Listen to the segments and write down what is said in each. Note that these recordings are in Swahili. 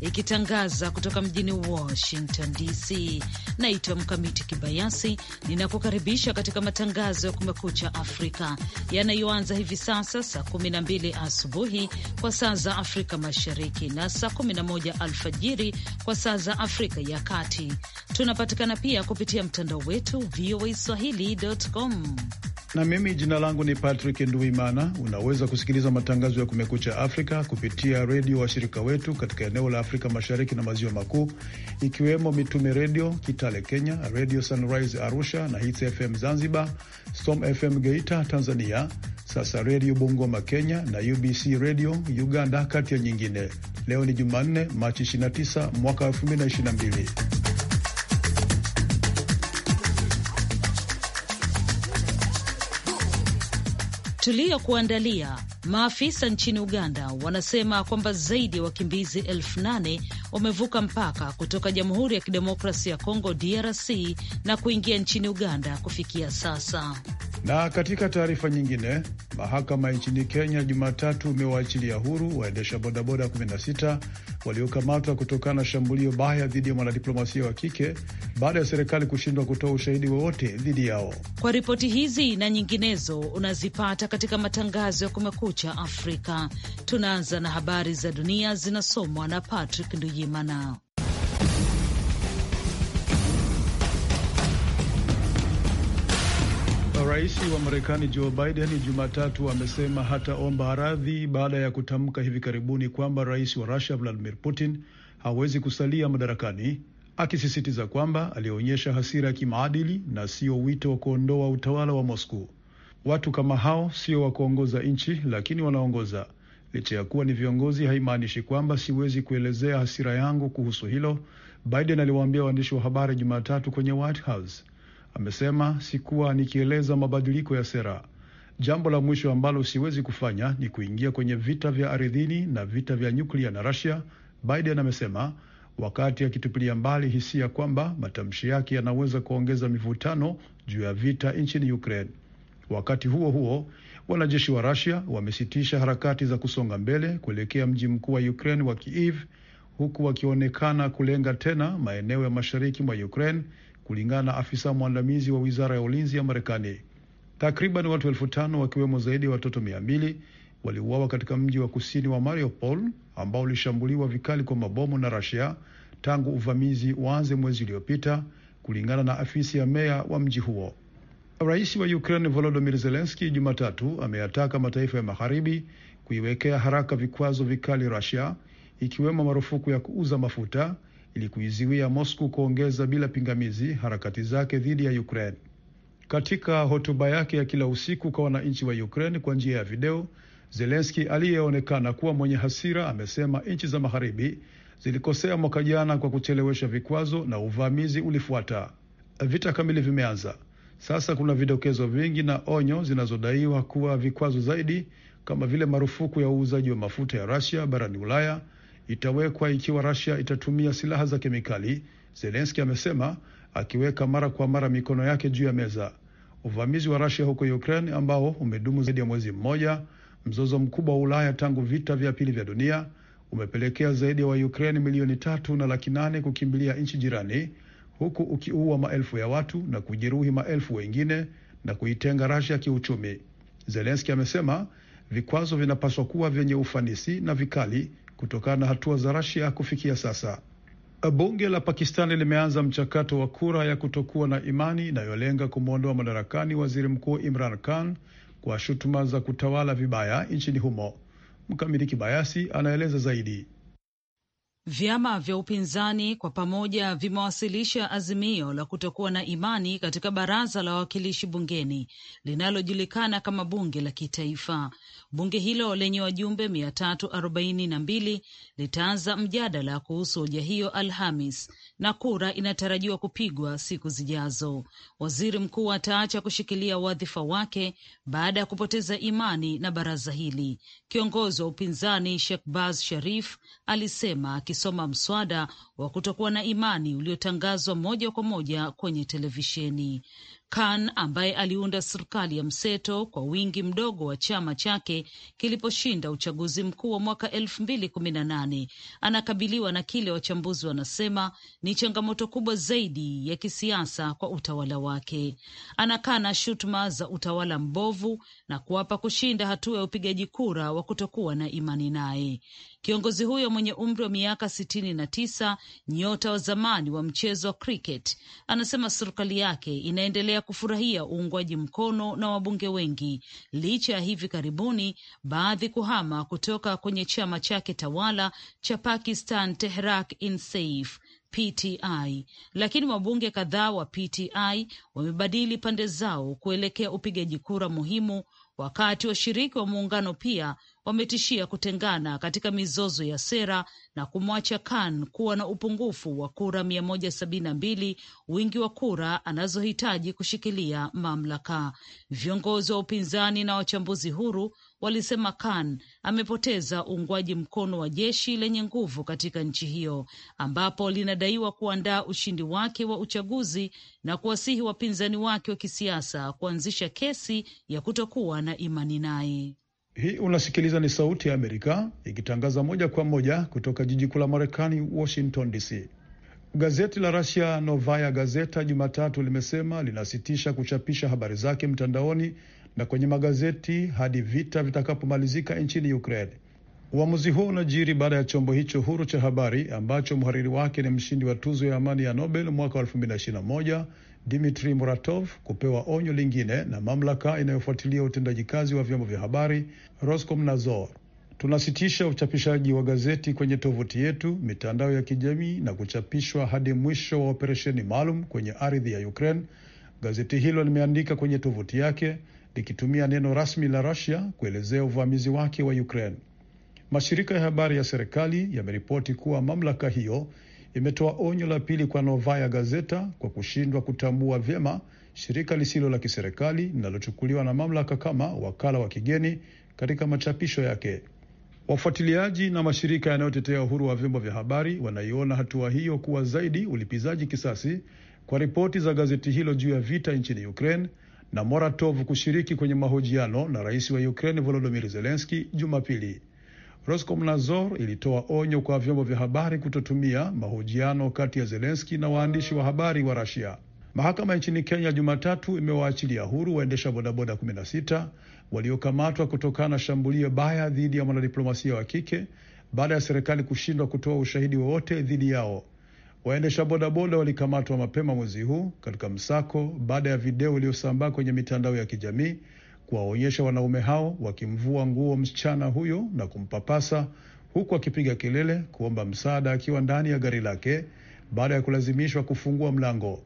ikitangaza kutoka mjini Washington DC. Naitwa Mkamiti Kibayasi, ninakukaribisha katika matangazo ya Kumekucha Afrika yanayoanza hivi sasa saa 12 asubuhi kwa saa za Afrika Mashariki na saa 11 alfajiri kwa saa za Afrika ya Kati. Tunapatikana pia kupitia mtandao wetu voa swahili.com na mimi jina langu ni Patrick Nduimana. Unaweza kusikiliza matangazo ya Kumekucha Afrika kupitia redio washirika wetu katika eneo la Afrika Mashariki na Maziwa Makuu, ikiwemo Mitume Redio Kitale Kenya, Redio Sunrise Arusha na Hits FM Zanzibar, Storm FM Geita Tanzania, sasa Redio Bungoma Kenya na UBC Redio Uganda, kati ya nyingine. Leo ni Jumanne, Machi 29 mwaka 2022. tuliyokuandalia. Maafisa nchini Uganda wanasema kwamba zaidi ya wakimbizi elfu nane wamevuka mpaka kutoka Jamhuri ya Kidemokrasi ya Kongo, DRC, na kuingia nchini Uganda kufikia sasa. Na katika taarifa nyingine, mahakama nchini Kenya Jumatatu imewaachilia huru waendesha bodaboda 16 waliokamatwa kutokana na shambulio baya dhidi ya mwanadiplomasia wa kike baada ya serikali kushindwa kutoa ushahidi wowote dhidi yao. Kwa ripoti hizi na nyinginezo unazipata katika matangazo ya Kumekucha Afrika. Tunaanza na habari za dunia zinasomwa na Patrick Nduyimana. Rais wa Marekani Joe Biden Jumatatu amesema hataomba radhi baada ya kutamka hivi karibuni kwamba rais wa Rusia Vladimir Putin hawezi kusalia madarakani, akisisitiza kwamba alionyesha hasira ya kimaadili na sio wito wa kuondoa utawala wa Moscow. Watu kama hao sio wa kuongoza nchi, lakini wanaongoza. Licha ya kuwa ni viongozi, haimaanishi kwamba siwezi kuelezea hasira yangu kuhusu hilo, Biden aliwaambia waandishi wa habari Jumatatu kwenye White House. Amesema, sikuwa nikieleza mabadiliko ya sera. Jambo la mwisho ambalo siwezi kufanya ni kuingia kwenye vita vya ardhini na vita vya nyuklia na Russia, Biden amesema wakati akitupilia mbali hisia kwamba matamshi yake yanaweza kuongeza mivutano juu ya vita nchini Ukraine. Wakati huo huo, wanajeshi wa Russia wamesitisha harakati za kusonga mbele kuelekea mji mkuu wa Ukraine wa Kiev, huku wakionekana kulenga tena maeneo ya mashariki mwa Ukraine kulingana na afisa mwandamizi wa wizara ya ulinzi ya Marekani. Takriban watu elfu tano wakiwemo zaidi ya watoto mia mbili waliuawa katika mji wa kusini wa Mariupol ambao ulishambuliwa vikali kwa mabomu na Rasia tangu uvamizi waanze mwezi uliopita, kulingana na afisi ya meya wa mji huo. Rais wa Ukraine Volodymyr Zelensky Jumatatu ameyataka mataifa ya magharibi kuiwekea haraka vikwazo vikali Rasia, ikiwemo marufuku ya kuuza mafuta ili kuiziwia Moscow kuongeza bila pingamizi harakati zake dhidi ya Ukraine. Katika hotuba yake ya kila usiku kwa wananchi wa Ukraine kwa njia ya video, Zelenski aliyeonekana kuwa mwenye hasira amesema nchi za magharibi zilikosea mwaka jana kwa kuchelewesha vikwazo na uvamizi ulifuata. Vita kamili vimeanza sasa. Kuna vidokezo vingi na onyo zinazodaiwa kuwa vikwazo zaidi, kama vile marufuku ya uuzaji wa mafuta ya Russia barani Ulaya itawekwa ikiwa Russia itatumia silaha za kemikali, Zelensky amesema, akiweka mara kwa mara mikono yake juu ya meza. Uvamizi wa Russia huko Ukraine ambao umedumu zaidi ya mwezi mmoja, mzozo mkubwa wa Ulaya tangu vita vya pili vya dunia, umepelekea zaidi ya wa Ukraine milioni tatu na laki nane kukimbilia nchi jirani, huku ukiua maelfu ya watu na kujeruhi maelfu wengine na kuitenga Russia kiuchumi. Zelensky amesema vikwazo vinapaswa kuwa vyenye ufanisi na vikali kutokana na hatua za Rasia kufikia sasa. Bunge la Pakistani limeanza mchakato wa kura ya kutokuwa na imani inayolenga kumwondoa madarakani waziri mkuu Imran Khan kwa shutuma za kutawala vibaya nchini humo. mkamiliki bayasi anaeleza zaidi. Vyama vya upinzani kwa pamoja vimewasilisha azimio la kutokuwa na imani katika baraza la wawakilishi bungeni linalojulikana kama bunge la kitaifa. Bunge hilo lenye wajumbe mia tatu arobaini na mbili litaanza mjadala kuhusu hoja hiyo Alhamis na kura inatarajiwa kupigwa siku zijazo. Waziri mkuu ataacha kushikilia wadhifa wake baada ya kupoteza imani na baraza hili. Kiongozi wa upinzani Shekbaz Sharif alisema amesoma mswada wa kutokuwa na imani uliotangazwa moja kwa moja kwenye televisheni. Khan ambaye aliunda serikali ya mseto kwa wingi mdogo wa chama chake kiliposhinda uchaguzi mkuu wa mwaka elfu mbili kumi na nane anakabiliwa na kile wachambuzi wanasema ni changamoto kubwa zaidi ya kisiasa kwa utawala wake. Anakana shutuma za utawala mbovu na kuwapa kushinda hatua ya upigaji kura wa kutokuwa na imani naye. Kiongozi huyo mwenye umri wa miaka sitini na tisa, nyota wa zamani wa mchezo wa cricket, anasema serikali yake inaendelea kufurahia uungwaji mkono na wabunge wengi licha ya hivi karibuni baadhi kuhama kutoka kwenye chama chake tawala cha Pakistan tehrak Insaf PTI, lakini wabunge kadhaa wa PTI wamebadili pande zao kuelekea upigaji kura muhimu, wakati washiriki wa muungano pia wametishia kutengana katika mizozo ya sera na kumwacha Khan kuwa na upungufu wa kura 172, wingi wa kura anazohitaji kushikilia mamlaka. Viongozi wa upinzani na wachambuzi huru walisema Khan amepoteza uungwaji mkono wa jeshi lenye nguvu katika nchi hiyo ambapo linadaiwa kuandaa ushindi wake wa uchaguzi na kuwasihi wapinzani wake wa kisiasa kuanzisha kesi ya kutokuwa na imani naye. Hii unasikiliza ni Sauti ya Amerika ikitangaza moja kwa moja kutoka jiji kuu la Marekani, Washington DC. Gazeti la Rasia Novaya Gazeta Jumatatu limesema linasitisha kuchapisha habari zake mtandaoni na kwenye magazeti hadi vita vitakapomalizika nchini Ukraine. Uamuzi huo unajiri baada ya chombo hicho huru cha habari ambacho mhariri wake ni mshindi wa tuzo ya amani ya Nobel mwaka Dmitri Muratov kupewa onyo lingine na mamlaka inayofuatilia utendaji kazi wa vyombo vya habari Roskomnadzor. Tunasitisha uchapishaji wa gazeti kwenye tovuti yetu, mitandao ya kijamii na kuchapishwa hadi mwisho wa operesheni maalum kwenye ardhi ya Ukraine, gazeti hilo limeandika kwenye tovuti yake likitumia neno rasmi la Russia kuelezea uvamizi wake wa Ukraine. Mashirika ya habari ya serikali yameripoti kuwa mamlaka hiyo imetoa onyo la pili kwa Novaya Gazeta kwa kushindwa kutambua vyema shirika lisilo la kiserikali linalochukuliwa na mamlaka kama wakala wa kigeni katika machapisho yake. Wafuatiliaji na mashirika yanayotetea uhuru wa vyombo vya habari wanaiona hatua hiyo kuwa zaidi ulipizaji kisasi kwa ripoti za gazeti hilo juu ya vita nchini Ukraine na Moratov kushiriki kwenye mahojiano na rais wa Ukraine Volodymyr Zelensky Jumapili. Roskomnadzor ilitoa onyo kwa vyombo vya habari kutotumia mahojiano kati ya Zelenski na waandishi wa habari wa Rasia. Mahakama nchini Kenya Jumatatu imewaachilia huru waendesha bodaboda 16 waliokamatwa kutokana na shambulio baya dhidi ya mwanadiplomasia wa kike baada ya serikali kushindwa kutoa ushahidi wowote dhidi yao. Waendesha bodaboda walikamatwa mapema mwezi huu katika msako baada ya video iliyosambaa kwenye mitandao ya kijamii kuwaonyesha wanaume hao wakimvua nguo msichana huyo na kumpapasa huku akipiga kelele kuomba msaada akiwa ndani ya gari lake baada ya kulazimishwa kufungua mlango.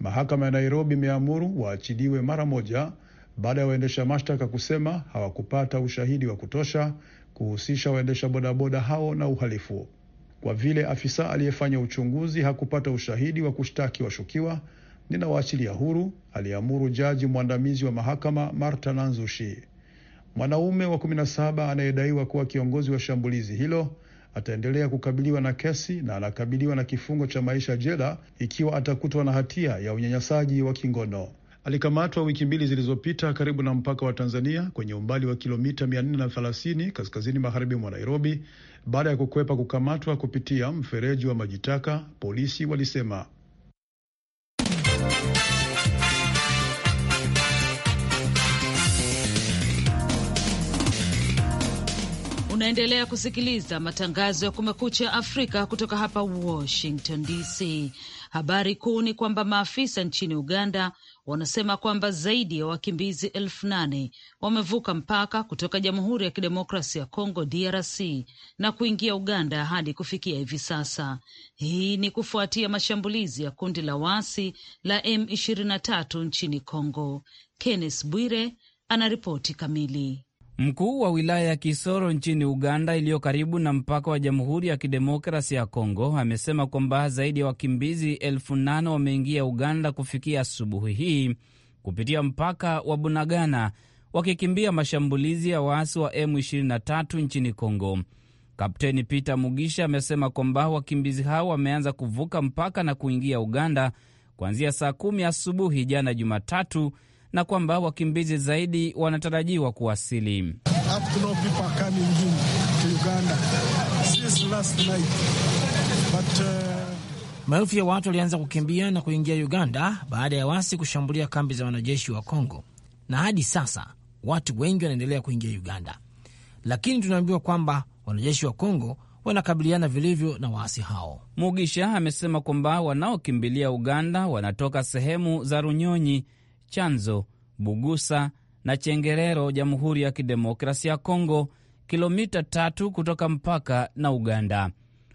Mahakama ya Nairobi imeamuru waachiliwe mara moja baada ya waendesha mashtaka kusema hawakupata ushahidi wa kutosha kuhusisha waendesha bodaboda hao na uhalifu. Kwa vile afisa aliyefanya uchunguzi hakupata ushahidi wa kushtaki washukiwa, ninawaachilia huru, aliamuru jaji mwandamizi wa mahakama Marta Nanzushi. Mwanaume wa 17 anayedaiwa kuwa kiongozi wa shambulizi hilo ataendelea kukabiliwa na kesi na anakabiliwa na kifungo cha maisha jela ikiwa atakutwa na hatia ya unyanyasaji wa kingono. Alikamatwa wiki mbili zilizopita karibu na mpaka wa Tanzania kwenye umbali wa kilomita 430 kaskazini magharibi mwa Nairobi baada ya kukwepa kukamatwa kupitia mfereji wa majitaka, polisi walisema. Unaendelea kusikiliza matangazo ya Kumekucha Afrika kutoka hapa Washington DC. Habari kuu ni kwamba maafisa nchini Uganda wanasema kwamba zaidi ya wakimbizi elfu nane wamevuka mpaka kutoka Jamhuri ya Kidemokrasi ya congo DRC na kuingia Uganda hadi kufikia hivi sasa. Hii ni kufuatia mashambulizi ya kundi la waasi la M23 nchini congo Kenneth Bwire anaripoti kamili. Mkuu wa wilaya ya Kisoro nchini Uganda iliyo karibu na mpaka wa Jamhuri ya Kidemokrasi ya Kongo amesema kwamba zaidi ya wakimbizi elfu nane wameingia Uganda kufikia asubuhi hii kupitia mpaka wa Bunagana wakikimbia mashambulizi ya waasi wa M23 nchini Kongo. Kapteni Peter Mugisha amesema kwamba wakimbizi hao wameanza kuvuka mpaka na kuingia Uganda kuanzia saa kumi asubuhi jana Jumatatu na kwamba wakimbizi zaidi wanatarajiwa kuwasili. Uh, Maelfu ya watu walianza kukimbia na kuingia Uganda baada ya wasi kushambulia kambi za wanajeshi wa Kongo, na hadi sasa watu wengi wanaendelea kuingia Uganda, lakini tunaambiwa kwamba wanajeshi wa Kongo wanakabiliana vilivyo na waasi hao. Mugisha amesema kwamba wanaokimbilia Uganda wanatoka sehemu za Runyonyi Chanzo, Bugusa na Chengerero, Jamhuri ya Kidemokrasia ya Kongo, kilomita tatu kutoka mpaka na Uganda.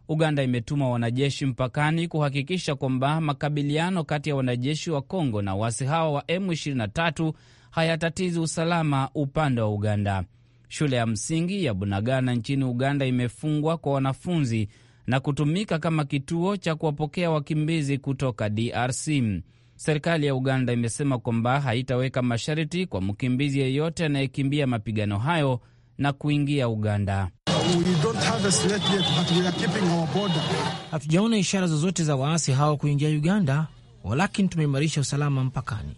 Uganda imetuma wanajeshi mpakani kuhakikisha kwamba makabiliano kati ya wanajeshi wa Kongo na wasi hawa wa M23 hayatatizi usalama upande wa Uganda. Shule ya msingi ya Bunagana nchini Uganda imefungwa kwa wanafunzi na kutumika kama kituo cha kuwapokea wakimbizi kutoka DRC. Serikali ya Uganda imesema kwamba haitaweka masharti kwa mkimbizi yeyote anayekimbia mapigano hayo na kuingia Uganda. Hatujaona ishara zozote za waasi hao kuingia Uganda, walakini tumeimarisha usalama mpakani.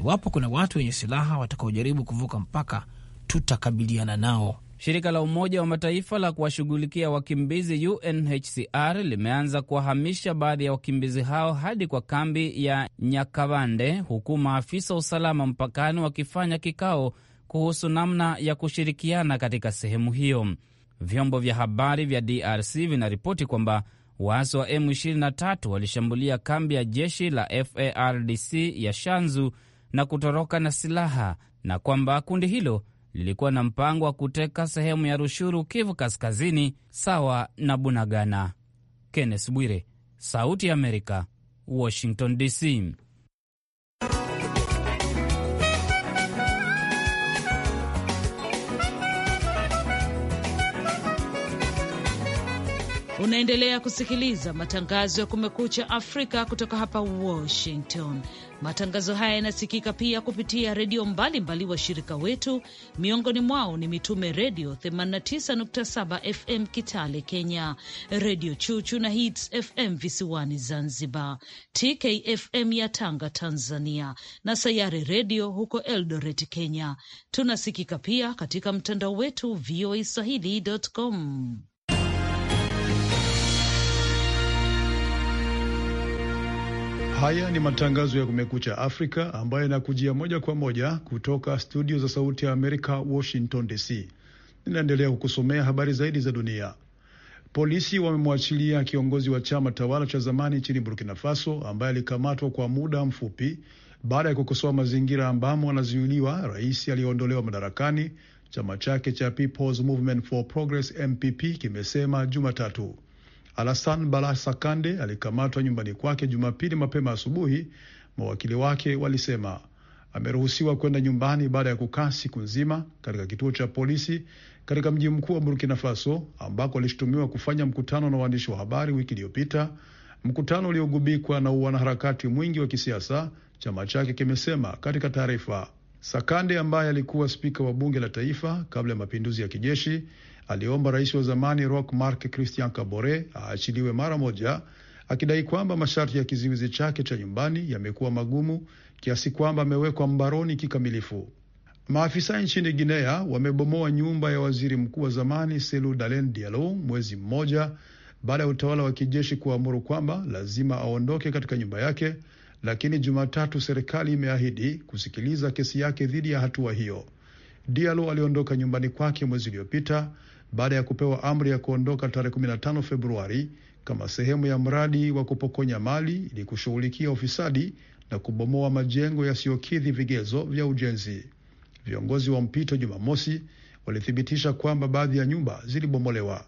Iwapo kuna watu wenye silaha watakaojaribu kuvuka mpaka, tutakabiliana nao. Shirika la Umoja wa Mataifa la kuwashughulikia wakimbizi UNHCR limeanza kuwahamisha baadhi ya wakimbizi hao hadi kwa kambi ya Nyakavande, huku maafisa wa usalama mpakani wakifanya kikao kuhusu namna ya kushirikiana katika sehemu hiyo. Vyombo vya habari vya DRC vinaripoti kwamba waasi wa M23 walishambulia kambi ya jeshi la FARDC ya Shanzu na kutoroka na silaha na kwamba kundi hilo lilikuwa na mpango wa kuteka sehemu ya Rushuru, Kivu Kaskazini, sawa na Bunagana. Kenneth Bwire, Sauti ya Amerika, Washington DC. Unaendelea kusikiliza matangazo ya Kumekucha Afrika kutoka hapa Washington. Matangazo haya yanasikika pia kupitia redio mbalimbali wa shirika wetu, miongoni mwao ni Mitume Redio 89.7 FM Kitale Kenya, Redio Chuchu na Hits FM visiwani Zanzibar, TKFM ya Tanga Tanzania, na Sayare Redio huko Eldoret Kenya. Tunasikika pia katika mtandao wetu voa swahili.com. Haya ni matangazo ya Kumekucha Afrika ambayo yanakujia moja kwa moja kutoka studio za Sauti ya Amerika, Washington DC. Ninaendelea kukusomea habari zaidi za dunia. Polisi wamemwachilia kiongozi wa chama tawala cha zamani nchini Burkina Faso ambaye alikamatwa kwa muda mfupi baada ya kukosoa mazingira ambamo anazuiliwa rais aliyeondolewa madarakani. Chama chake cha People's Movement for Progress, MPP, kimesema Jumatatu. Alasan Balah Sakande alikamatwa nyumbani kwake Jumapili mapema asubuhi, mawakili wake walisema. Ameruhusiwa kwenda nyumbani baada ya kukaa siku nzima katika kituo cha polisi katika mji mkuu wa Burkina Faso ambako alishutumiwa kufanya mkutano na waandishi wa habari wiki iliyopita, mkutano uliogubikwa na wanaharakati mwingi wa kisiasa, chama chake kimesema katika taarifa. Sakande ambaye alikuwa spika wa bunge la taifa kabla ya mapinduzi ya kijeshi aliomba rais wa zamani Roch Marc Christian Kabore aachiliwe mara moja, akidai kwamba masharti ya kizuizi chake cha nyumbani yamekuwa magumu kiasi kwamba amewekwa mbaroni kikamilifu. Maafisa nchini Guinea wamebomoa nyumba ya waziri mkuu wa zamani Selu Dalen Dialo mwezi mmoja baada ya utawala wa kijeshi kuamuru kwamba lazima aondoke katika nyumba yake, lakini Jumatatu serikali imeahidi kusikiliza kesi yake dhidi ya hatua hiyo. Dialo aliondoka nyumbani kwake mwezi uliopita baada ya kupewa amri ya kuondoka tarehe 15 Februari kama sehemu ya mradi wa kupokonya mali ili kushughulikia ufisadi na kubomoa majengo yasiyokidhi vigezo vya ujenzi. Viongozi wa mpito Jumamosi walithibitisha kwamba baadhi ya nyumba zilibomolewa.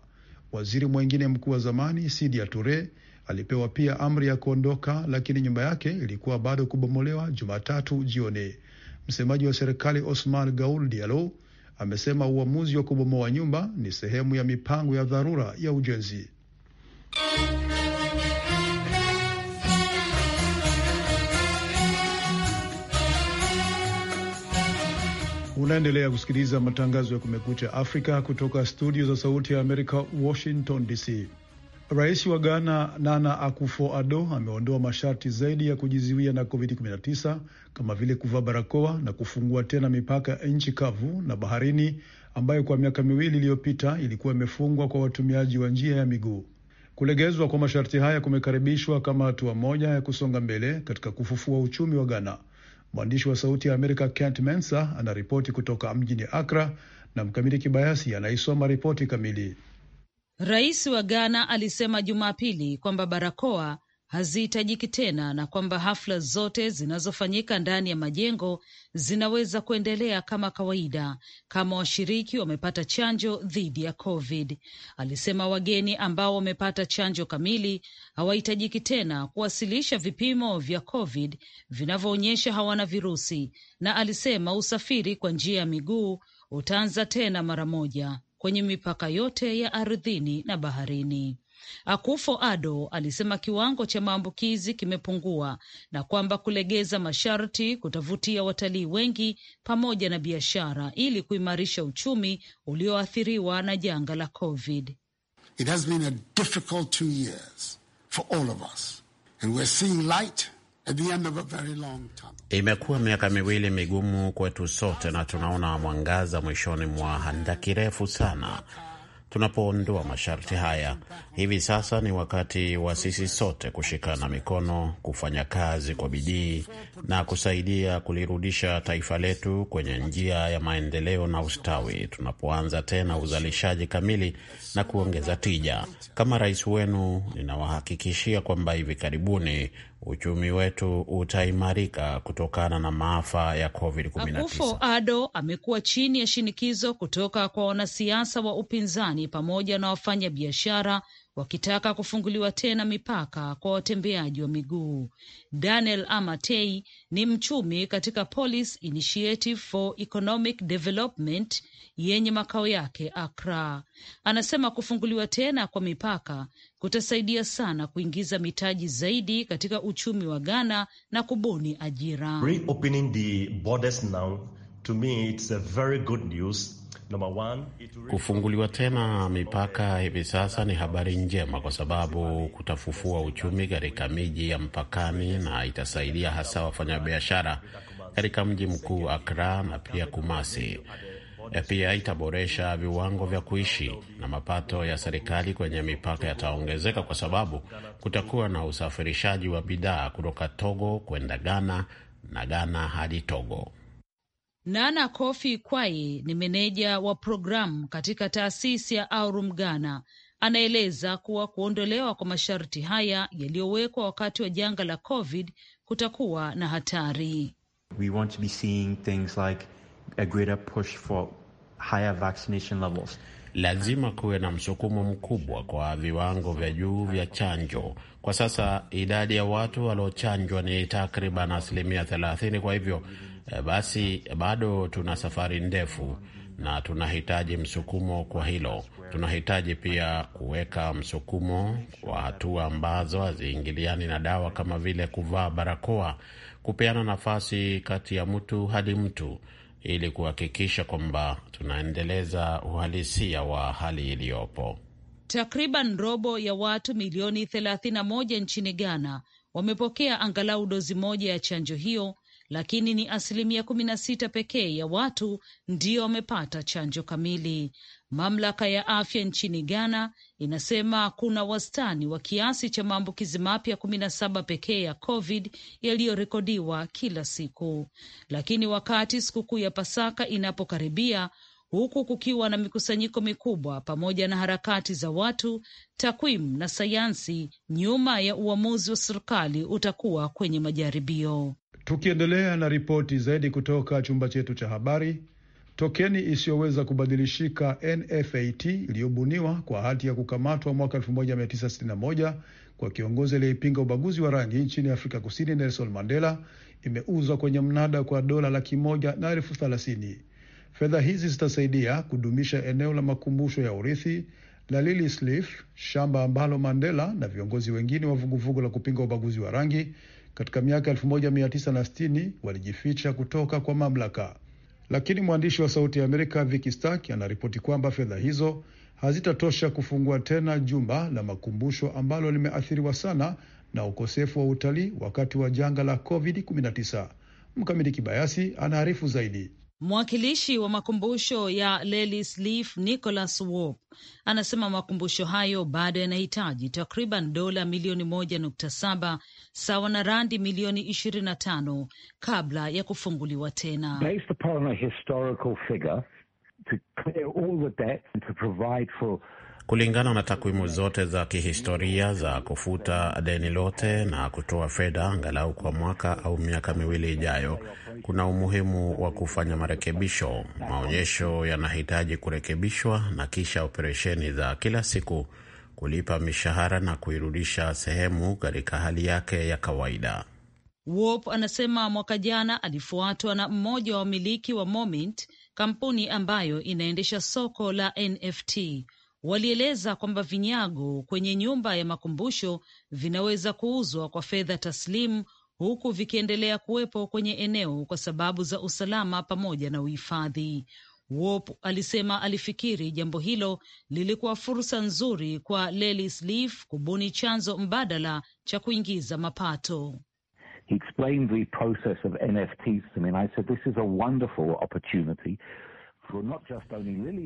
Waziri mwengine mkuu wa zamani Sidia Ture alipewa pia amri ya kuondoka, lakini nyumba yake ilikuwa bado kubomolewa Jumatatu jioni. Msemaji wa serikali Osman Gaul amesema uamuzi wa kubomoa nyumba ni sehemu ya mipango ya dharura ya ujenzi. Unaendelea kusikiliza matangazo ya Kumekucha Afrika kutoka studio za Sauti ya Amerika, Washington DC. Rais wa Ghana Nana akufo ado ameondoa masharti zaidi ya kujizuia na COVID-19 kama vile kuvaa barakoa na kufungua tena mipaka ya nchi kavu na baharini ambayo kwa miaka miwili iliyopita ilikuwa imefungwa kwa watumiaji wa njia ya miguu. Kulegezwa kwa masharti haya kumekaribishwa kama hatua moja ya kusonga mbele katika kufufua uchumi wa Ghana. Mwandishi wa Sauti ya Amerika Kent Mensa anaripoti kutoka mjini Akra na Mkamiti Kibayasi anaisoma ripoti kamili. Rais wa Ghana alisema Jumapili kwamba barakoa hazihitajiki tena na kwamba hafla zote zinazofanyika ndani ya majengo zinaweza kuendelea kama kawaida kama washiriki wamepata chanjo dhidi ya COVID. Alisema wageni ambao wamepata chanjo kamili hawahitajiki tena kuwasilisha vipimo vya COVID vinavyoonyesha hawana virusi, na alisema usafiri kwa njia ya miguu utaanza tena mara moja kwenye mipaka yote ya ardhini na baharini. akufo ado alisema kiwango cha maambukizi kimepungua na kwamba kulegeza masharti kutavutia watalii wengi pamoja na biashara ili kuimarisha uchumi ulioathiriwa na janga la COVID. It has been a difficult two years for all of us and we're seeing light at the end of a very long tunnel. Imekuwa miaka miwili migumu kwetu sote, na tunaona mwangaza mwishoni mwa handaki refu sana. Tunapoondoa masharti haya, hivi sasa ni wakati wa sisi sote kushikana mikono, kufanya kazi kwa bidii na kusaidia kulirudisha taifa letu kwenye njia ya maendeleo na ustawi, tunapoanza tena uzalishaji kamili na kuongeza tija. Kama rais wenu, ninawahakikishia kwamba hivi karibuni uchumi wetu utaimarika kutokana na maafa ya COVID-19. akufo Ado amekuwa chini ya shinikizo kutoka kwa wanasiasa wa upinzani pamoja na wafanyabiashara wakitaka kufunguliwa tena mipaka kwa watembeaji wa miguu. Daniel Amatei ni mchumi katika Police Initiative for Economic Development yenye makao yake Accra. Anasema kufunguliwa tena kwa mipaka kutasaidia sana kuingiza mitaji zaidi katika uchumi wa Ghana na kubuni ajira. Reopening the borders now, to me it's a very good news. Kufunguliwa tena mipaka hivi sasa ni habari njema, kwa sababu kutafufua uchumi katika miji ya mpakani na itasaidia hasa wafanyabiashara katika mji mkuu akra na pia Kumasi. E, pia itaboresha viwango vya kuishi na mapato ya serikali kwenye mipaka yataongezeka, kwa sababu kutakuwa na usafirishaji wa bidhaa kutoka Togo kwenda Ghana na Ghana hadi Togo. Nana Kofi Kwai ni meneja wa programu katika taasisi ya Aurum Ghana anaeleza kuwa kuondolewa kwa masharti haya yaliyowekwa wakati wa janga la COVID kutakuwa na hatari. We want to be seeing things like a greater push for higher vaccination levels. Lazima kuwe na msukumo mkubwa kwa viwango vya juu vya chanjo. Kwa sasa idadi ya watu waliochanjwa ni takriban asilimia thelathini kwa hivyo Eh, basi eh, bado tuna safari ndefu na tunahitaji msukumo kwa hilo. Tunahitaji pia kuweka msukumo kwa hatua ambazo haziingiliani na dawa kama vile kuvaa barakoa, kupeana nafasi kati ya mtu hadi mtu, ili kuhakikisha kwamba tunaendeleza uhalisia wa hali iliyopo. Takriban robo ya watu milioni 31 nchini Ghana wamepokea angalau dozi moja ya chanjo hiyo lakini ni asilimia kumi na sita pekee ya watu ndio wamepata chanjo kamili. Mamlaka ya afya nchini Ghana inasema kuna wastani wa kiasi cha maambukizi mapya kumi na saba pekee ya COVID yaliyorekodiwa kila siku, lakini wakati sikukuu ya Pasaka inapokaribia huku kukiwa na mikusanyiko mikubwa pamoja na harakati za watu, takwimu na sayansi nyuma ya uamuzi wa serikali utakuwa kwenye majaribio. Tukiendelea na ripoti zaidi kutoka chumba chetu cha habari, tokeni isiyoweza kubadilishika NFAT iliyobuniwa kwa hati ya kukamatwa mwaka 1961 kwa kiongozi aliyeipinga ubaguzi wa rangi nchini Afrika Kusini, Nelson Mandela, imeuzwa kwenye mnada kwa dola laki moja na elfu thelathini. Fedha hizi zitasaidia kudumisha eneo la makumbusho ya urithi la Lili Slif, shamba ambalo Mandela na viongozi wengine wa vuguvugu la kupinga ubaguzi wa rangi katika miaka 1960 walijificha kutoka kwa mamlaka. Lakini mwandishi wa Sauti ya Amerika Vicky Stark anaripoti kwamba fedha hizo hazitatosha kufungua tena jumba la makumbusho ambalo limeathiriwa sana na ukosefu wa utalii wakati wa janga la COVID-19. Mkamili Kibayasi anaarifu zaidi. Mwakilishi wa makumbusho ya Lelis Leaf Nicholas Wop anasema makumbusho hayo bado yanahitaji takriban dola milioni moja nukta saba sawa na randi milioni ishirini na tano kabla ya kufunguliwa tena. Based upon a historical figure to clear all the debt and to provide for Kulingana na takwimu zote za kihistoria za kufuta deni lote na kutoa fedha angalau kwa mwaka au miaka miwili ijayo, kuna umuhimu wa kufanya marekebisho. Maonyesho yanahitaji kurekebishwa na kisha operesheni za kila siku, kulipa mishahara na kuirudisha sehemu katika hali yake ya kawaida. Wop anasema mwaka jana alifuatwa na mmoja wa wamiliki wa Moment, kampuni ambayo inaendesha soko la NFT walieleza kwamba vinyago kwenye nyumba ya makumbusho vinaweza kuuzwa kwa fedha taslimu huku vikiendelea kuwepo kwenye eneo kwa sababu za usalama pamoja na uhifadhi. Wop alisema alifikiri jambo hilo lilikuwa fursa nzuri kwa Lelis Leaf kubuni chanzo mbadala cha kuingiza mapato. He explained the process of NFTs to me and I said this is a wonderful opportunity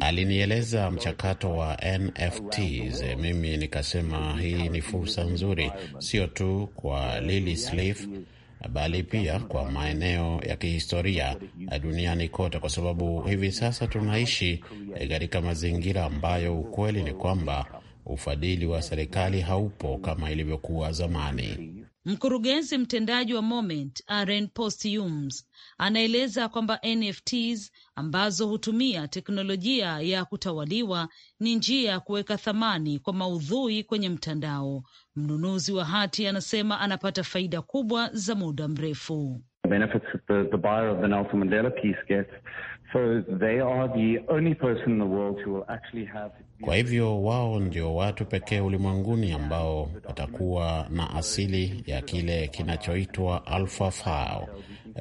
Alinieleza mchakato wa NFTs. Mimi nikasema hii ni fursa nzuri, sio tu kwa Lily Sleaf bali pia kwa maeneo ya kihistoria duniani kote, kwa sababu hivi sasa tunaishi katika mazingira ambayo ukweli ni kwamba ufadhili wa serikali haupo kama ilivyokuwa zamani. Mkurugenzi mtendaji wa Moment Aren Postums anaeleza kwamba NFTs ambazo hutumia teknolojia ya kutawaliwa ni njia ya kuweka thamani kwa maudhui kwenye mtandao. Mnunuzi wa hati anasema anapata faida kubwa za muda mrefu. Kwa hivyo wao ndio watu pekee ulimwenguni ambao watakuwa na asili ya kile kinachoitwa alfa fao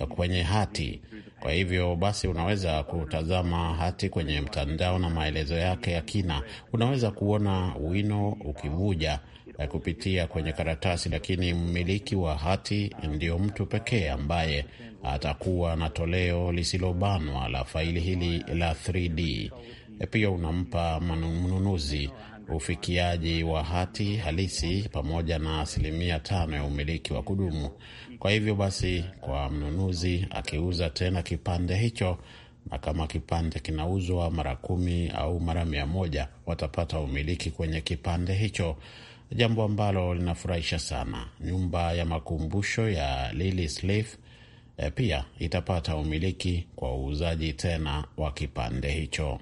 kwenye hati kwa hivyo basi, unaweza kutazama hati kwenye mtandao na maelezo yake ya kina. Unaweza kuona wino ukivuja eh, kupitia kwenye karatasi, lakini mmiliki wa hati ndio mtu pekee ambaye atakuwa na toleo lisilobanwa la faili hili la 3D. Eh, pia unampa mnunuzi ufikiaji wa hati halisi pamoja na asilimia tano ya umiliki wa kudumu. Kwa hivyo basi, kwa mnunuzi akiuza tena kipande hicho, na kama kipande kinauzwa mara kumi au mara mia moja, watapata umiliki kwenye kipande hicho, jambo ambalo linafurahisha sana. Nyumba ya makumbusho ya Lily Slif eh, pia itapata umiliki kwa uuzaji tena wa kipande hicho.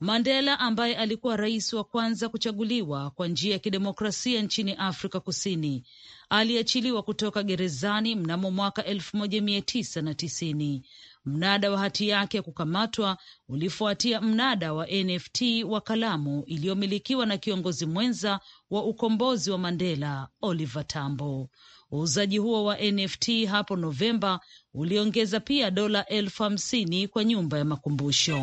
Mandela ambaye alikuwa rais wa kwanza kuchaguliwa kwa njia ya kidemokrasia nchini Afrika Kusini aliachiliwa kutoka gerezani mnamo mwaka 1990. Mnada wa hati yake ya kukamatwa ulifuatia mnada wa NFT wa kalamu iliyomilikiwa na kiongozi mwenza wa ukombozi wa Mandela, Oliver Tambo. Uuzaji huo wa NFT hapo Novemba uliongeza pia dola elfu hamsini kwa nyumba ya makumbusho.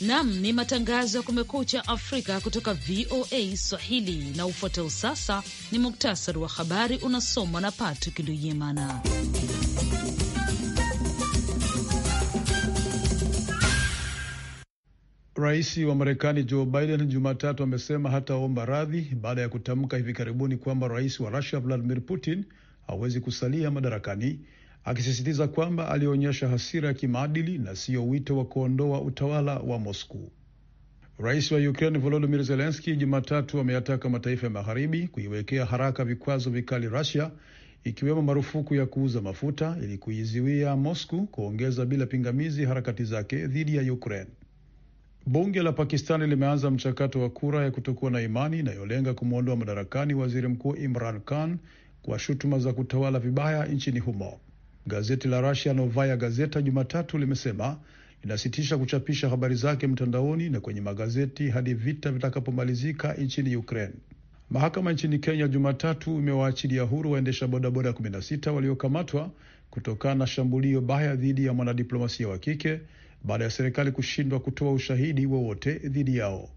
Nam ni matangazo ya Kumekucha Afrika kutoka VOA Swahili, na ufuatao sasa ni muktasari wa habari unasomwa na Patrick Nduyimana. Rais wa Marekani Joe Biden Jumatatu amesema hataomba radhi baada ya kutamka hivi karibuni kwamba rais wa Rusia Vladimir Putin hawezi kusalia madarakani akisisitiza kwamba alionyesha hasira ya kimaadili na siyo wito wa kuondoa utawala wa Moscow. Rais wa Ukraine Volodymyr Zelensky Jumatatu ameyataka mataifa ya magharibi kuiwekea haraka vikwazo vikali Russia, ikiwemo marufuku ya kuuza mafuta ili kuiziwia Moscow kuongeza bila pingamizi harakati zake dhidi ya Ukraine. Bunge la Pakistani limeanza mchakato wa kura ya kutokuwa na imani inayolenga kumwondoa madarakani waziri mkuu Imran Khan kwa shutuma za kutawala vibaya nchini humo. Gazeti la Rasia Novaya Gazeta Jumatatu limesema linasitisha kuchapisha habari zake mtandaoni na kwenye magazeti hadi vita vitakapomalizika nchini Ukraine. Mahakama nchini Kenya Jumatatu imewaachilia huru waendesha bodaboda 16 waliokamatwa kutokana na shambulio baya dhidi ya mwanadiplomasia wa kike baada ya serikali kushindwa kutoa ushahidi wowote dhidi yao.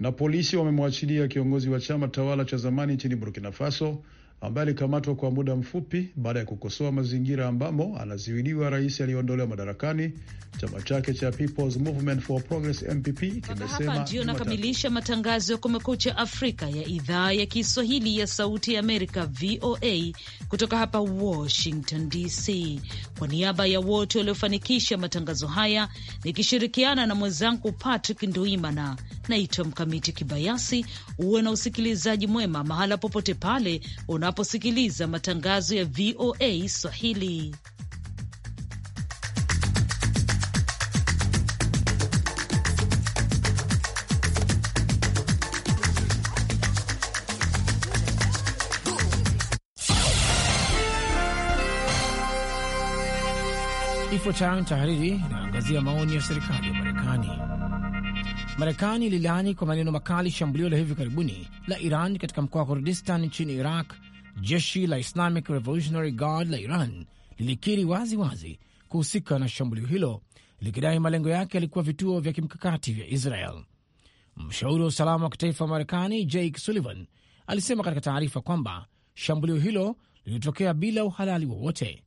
Na polisi wamemwachilia kiongozi wa chama tawala cha zamani nchini Burkina Faso ambaye alikamatwa kwa muda mfupi baada ya kukosoa mazingira ambamo anaziwiliwa rais aliyeondolewa madarakani. Chama chake cha People's Movement for Progress MPP kimesema. ndio nakamilisha matangazo ya Kumekucha Afrika ya idhaa ya Kiswahili ya Sauti ya Amerika, VOA, kutoka hapa Washington DC. Kwa niaba ya wote waliofanikisha matangazo haya, nikishirikiana na mwenzangu Patrick Nduimana, naitwa Mkamiti Kibayasi. Uwe na usikilizaji mwema mahala popote pale una unaposikiliza matangazo ya VOA Swahili. Ifuatayo tahariri inaangazia maoni ya serikali ya Marekani. Marekani ililaani kwa maneno makali shambulio la hivi karibuni la Iran katika mkoa wa Kurdistan nchini Iraq jeshi la Islamic Revolutionary Guard la Iran lilikiri wazi wazi kuhusika na shambulio hilo likidai malengo yake yalikuwa vituo vya kimkakati vya Israel. Mshauri wa usalama wa kitaifa wa Marekani Jake Sullivan alisema katika taarifa kwamba shambulio hilo lilitokea bila uhalali wowote.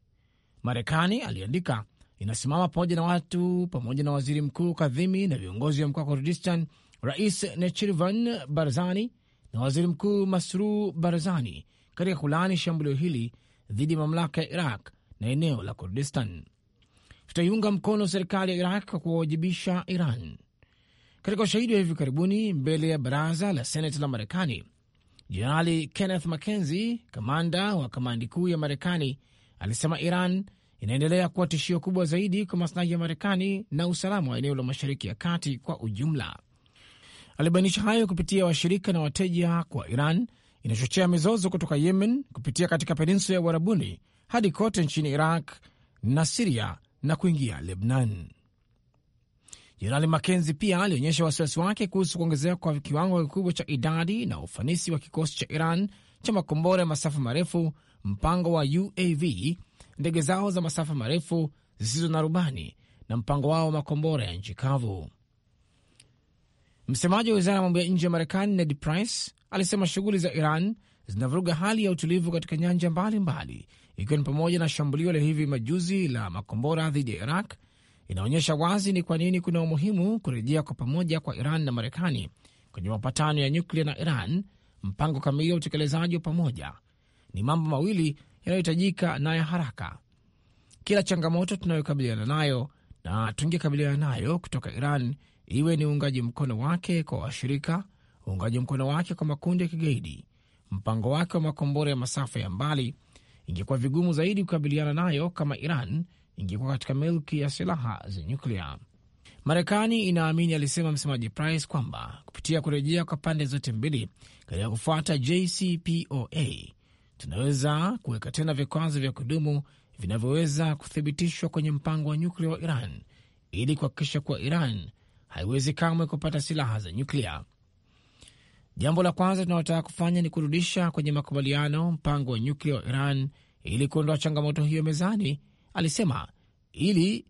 Marekani, aliandika, inasimama pamoja na watu pamoja na waziri mkuu Kadhimi na viongozi wa mkoa wa Kurdistan, Rais Nechirvan Barzani na waziri mkuu Masru Barzani katika kulaani shambulio hili dhidi ya mamlaka ya Iraq na eneo la Kurdistan. Tutaiunga mkono serikali ya Iraq kwa kuwawajibisha Iran. Katika ushahidi wa hivi karibuni mbele ya baraza la seneti la Marekani, Jenerali Kenneth McKenzie, kamanda wa kamandi kuu ya Marekani, alisema Iran inaendelea kuwa tishio kubwa zaidi kwa maslahi ya Marekani na usalama wa eneo la Mashariki ya Kati kwa ujumla. Alibainisha hayo kupitia washirika na wateja kwa Iran inachochea mizozo kutoka Yemen kupitia katika peninsula ya Uarabuni hadi kote nchini Iraq na Siria na kuingia Lebnan. Jenerali Makenzi pia alionyesha wasiwasi wake kuhusu kuongezeka kwa kiwango kikubwa cha idadi na ufanisi wa kikosi cha Iran cha makombora ya masafa marefu, mpango wa UAV, ndege zao za masafa marefu zisizo na rubani na mpango wao wa makombora ya nchi kavu. Msemaji wa wizara ya mambo ya nje ya Marekani Ned Price alisema shughuli za Iran zinavuruga hali ya utulivu katika nyanja mbalimbali, ikiwa ni pamoja na shambulio la hivi majuzi la makombora dhidi ya Iraq. Inaonyesha wazi ni kwa nini kuna umuhimu kurejea kwa pamoja kwa Iran na Marekani kwenye mapatano ya nyuklia na Iran, mpango kamili wa utekelezaji wa pamoja. Ni mambo mawili yanayohitajika na ya haraka. Kila changamoto tunayokabiliana nayo na tungekabiliana nayo kutoka Iran, iwe ni uungaji mkono wake kwa washirika uungaji mkono wake kwa makundi ya kigaidi, mpango wake wa makombora ya masafa ya mbali, ingekuwa vigumu zaidi kukabiliana nayo kama Iran ingekuwa katika milki ya silaha za nyuklia. Marekani inaamini, alisema msemaji Price, kwamba kupitia kurejea kwa pande zote mbili katika kufuata JCPOA tunaweza kuweka tena vikwazo vya kudumu vinavyoweza kuthibitishwa kwenye mpango wa nyuklia wa Iran ili kuhakikisha kuwa Iran haiwezi kamwe kupata silaha za nyuklia Jambo la kwanza tunalotaka kufanya ni kurudisha kwenye makubaliano mpango wa nyuklia wa Iran ili kuondoa changamoto hiyo mezani, alisema, ili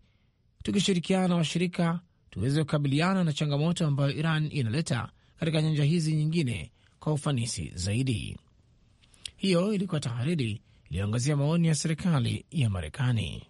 tukishirikiana na washirika tuweze kukabiliana na changamoto ambayo Iran inaleta katika nyanja hizi nyingine kwa ufanisi zaidi. Hiyo ilikuwa tahariri iliyoangazia maoni ya serikali ya Marekani.